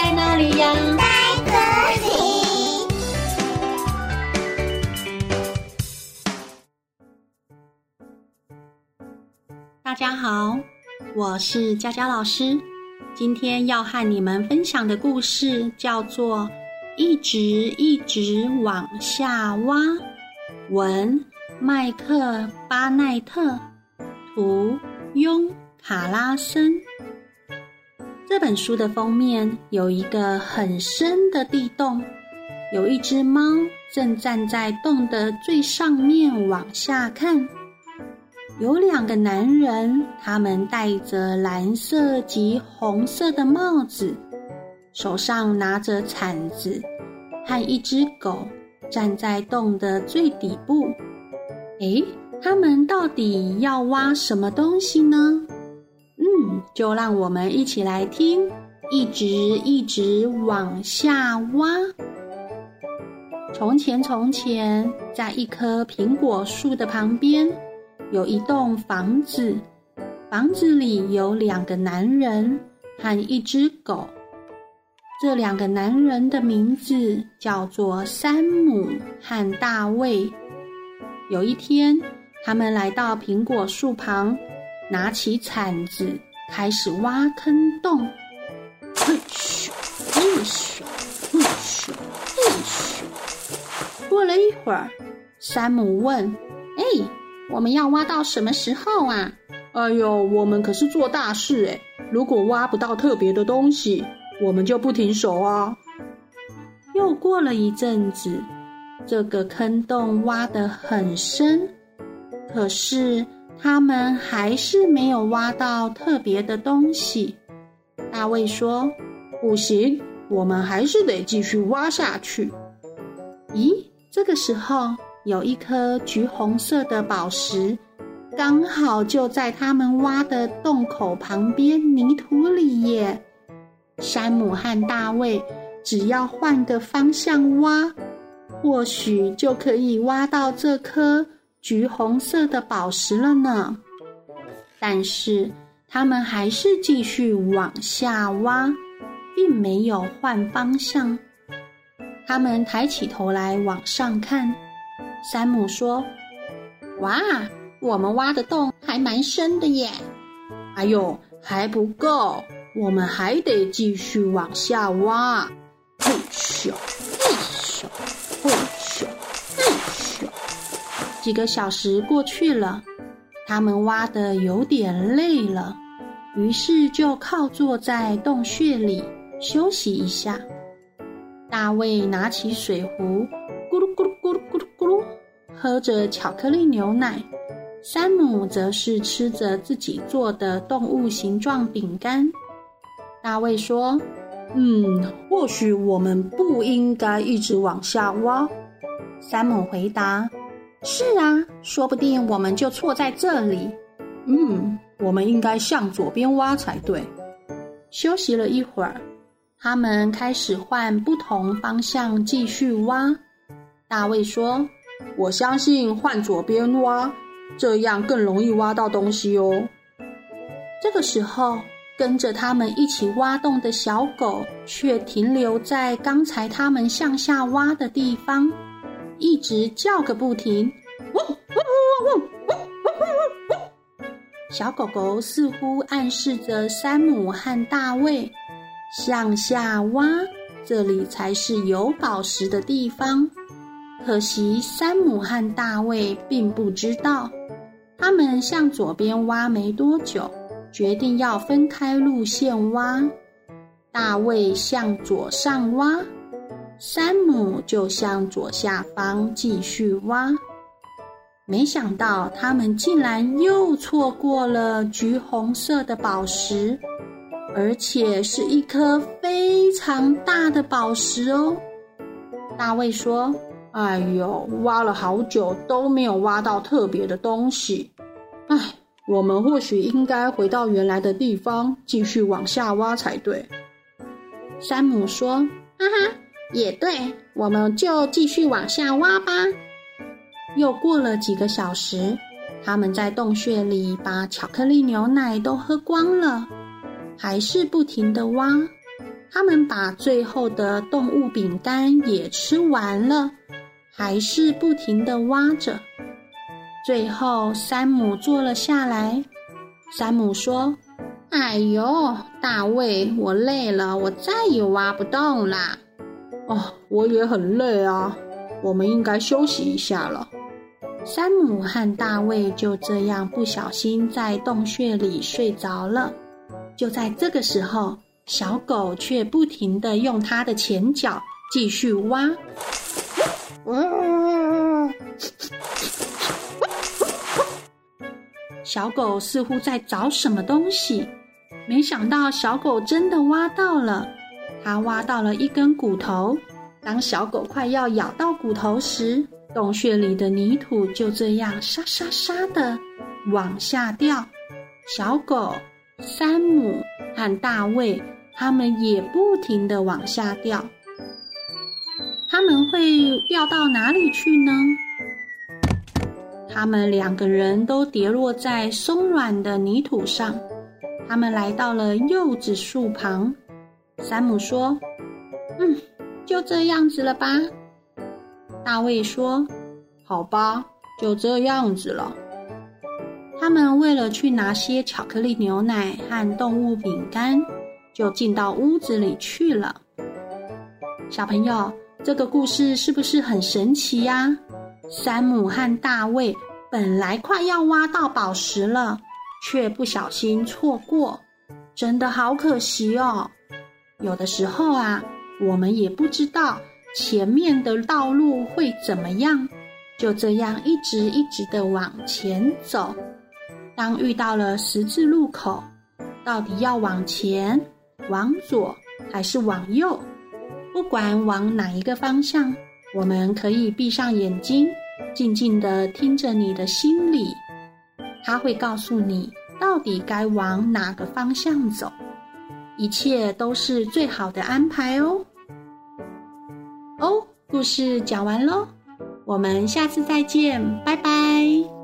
在哪裡呀？在這裡。大家好，我是佳佳老師。今天要和你們分享的故事叫做《一直一直往下挖》，文：麥克·巴奈特，圖：雍·卡拉森。這本書的封面有一個很深的地洞，有一隻貓正站在洞的最上面往下看。有兩個男人，他們戴着藍色及紅色的帽子，手上拿着鏟子，和一隻狗站在洞的最底部。哎，他們到底要挖什麼東西呢？就讓我們一起來聽，一直一直往下挖。從前從前，在一棵蘋果樹的旁邊，有一棟房子，房子裡有兩個男人和一隻狗。這兩個男人的名字叫做山姆和大衛。有一天，他們來到蘋果樹旁，拿起鏟子。開始挖坑洞，嘿咻，嘿咻，嘿咻，嘿咻。過了一會兒，山姆問：“哎、欸，我們要挖到什麼時候啊？”“哎呦，我們可是做大事哎！如果挖不到特別的東西，我們就不停手啊。”又過了一陣子，這個坑洞挖得很深，可是。他們還是沒有挖到特別的東西。大衛說：“不行，我們還是得繼續挖下去。”咦，這個時候有一顆橘紅色的寶石，剛好就在他們挖的洞口旁邊泥土裡耶。山姆和大衛只要換個方向挖，或許就可以挖到這顆。橘紅色的寶石了呢，但是他們還是繼續往下挖，並沒有換方向。他們抬起頭來往上看，山姆說：“哇，我們挖的洞還蠻深的耶！”哎呦，還不夠，我們還得繼續往下挖。嘿咻，嘿咻。幾個小時過去了，他們挖得有點累了，於是就靠坐在洞穴裡休息一下。大衛拿起水壺，咕嚕咕嚕咕嚕咕嚕咕嚕，喝着巧克力牛奶。山姆則是吃着自己做的動物形狀餅乾。大衛說：“嗯，或許我們不應該一直往下挖。”山姆回答。是啊，說不定我們就錯在這裡。嗯，我們應該向左邊挖才對。休息了一會兒，他們開始換不同方向繼續挖。大衛說：“我相信換左邊挖，這樣更容易挖到東西哦。”這個時候，跟着他們一起挖洞的小狗卻停留在剛才他們向下挖的地方。一直叫個不停，汪汪汪汪汪汪汪汪汪！小狗狗似乎暗示着山姆和大衛向下挖，這裡才是有寶石的地方。可惜山姆和大衛並不知道，他們向左邊挖沒多久，決定要分開路線挖。大衛向左上挖。山姆就向左下方繼續挖，沒想到他們竟然又錯過了橘紅色的寶石，而且是一顆非常大的寶石哦。大衛說：“哎呦，挖了好久都沒有挖到特別的東西，唉，我們或許應該回到原來的地方繼續往下挖才對。”山姆說：“哈哈。”也對，我們就繼續往下挖吧。”又過了幾個小時，他們在洞穴裡把巧克力牛奶都喝光了，還是不停地挖。他們把最後的動物餅乾也吃完了，還是不停地挖着。最後，山姆坐了下來。山姆說：“哎喲，大衛，我累了，我再也挖不動啦。”哦，我也很累啊，我們應該休息一下了。山姆和大衛就這樣不小心在洞穴裡睡着了。就在這個時候，小狗卻不停地用它的前腳繼續挖。 小狗似乎在找什麼東西，沒想到小狗真的挖到了。他挖到了一根骨頭。當小狗快要咬到骨頭時，洞穴裡的泥土就這樣沙沙沙的往下掉。小狗山姆和大衛他們也不停的往下掉。他們會掉到哪裡去呢？他們兩個人都跌落在鬆軟的泥土上。他們來到了柚子樹旁。山姆說：“嗯，就這樣子了吧。”大衛說：“好吧，就這樣子了。”他們為了去拿些巧克力牛奶和動物餅乾，就進到屋子裡去了。小朋友，這個故事是不是很神奇呀？山姆和大衛本來快要挖到寶石了，卻不小心錯過，真的好可惜哦。有的時候啊，我們也不知道前面的道路會怎麼樣，就這樣一直一直的往前走。當遇到了十字路口，到底要往前、往左還是往右？不管往哪一個方向，我們可以閉上眼睛，靜靜的聽着你的心裡，它會告訴你到底該往哪個方向走。一切都是最好的安排哦。哦，故事講完嘍，我們下次再見，拜拜。